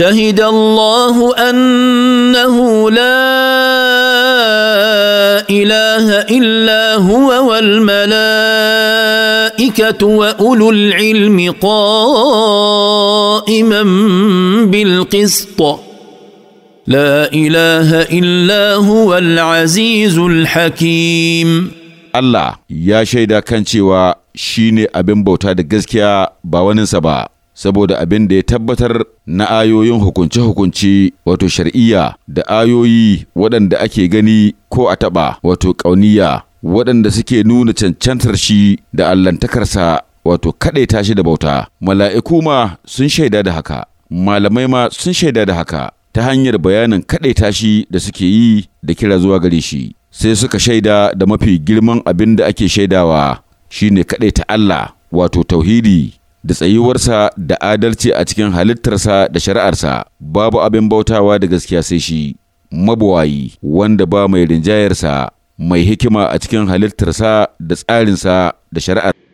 شهد الله انه لا اله الا هو والملائكه واولو العلم قائما بالقسط لا اله الا هو العزيز الحكيم الله يا شهد كان cewa shine abin bauta da gaskiya ba waninsa ba saboda abin da ya tabbatar na ayoyin hukunce-hukunce wato shar'iyya da ayoyi waɗanda ake gani ko a taɓa wato ƙauniya waɗanda suke nuna cancantar shi da allantakarsa wato kaɗaita shi da bauta mala'iku ma sun shaida da haka malamai ma sun shaida da haka ta hanyar bayanin kaɗaita shi da suke yi da kira zuwa gare shi sai suka shaida da mafi girman abin da ake shaidawa shine kaɗaita Allah wato tauhidi da tsayuwarsa da adalci a cikin halittarsa da shari'arsa babu abin bautawa da gaskiya sai shi mabuwayi wanda ba mai rinjayarsa mai hikima a cikin halittarsa da tsarinsa da shari'ar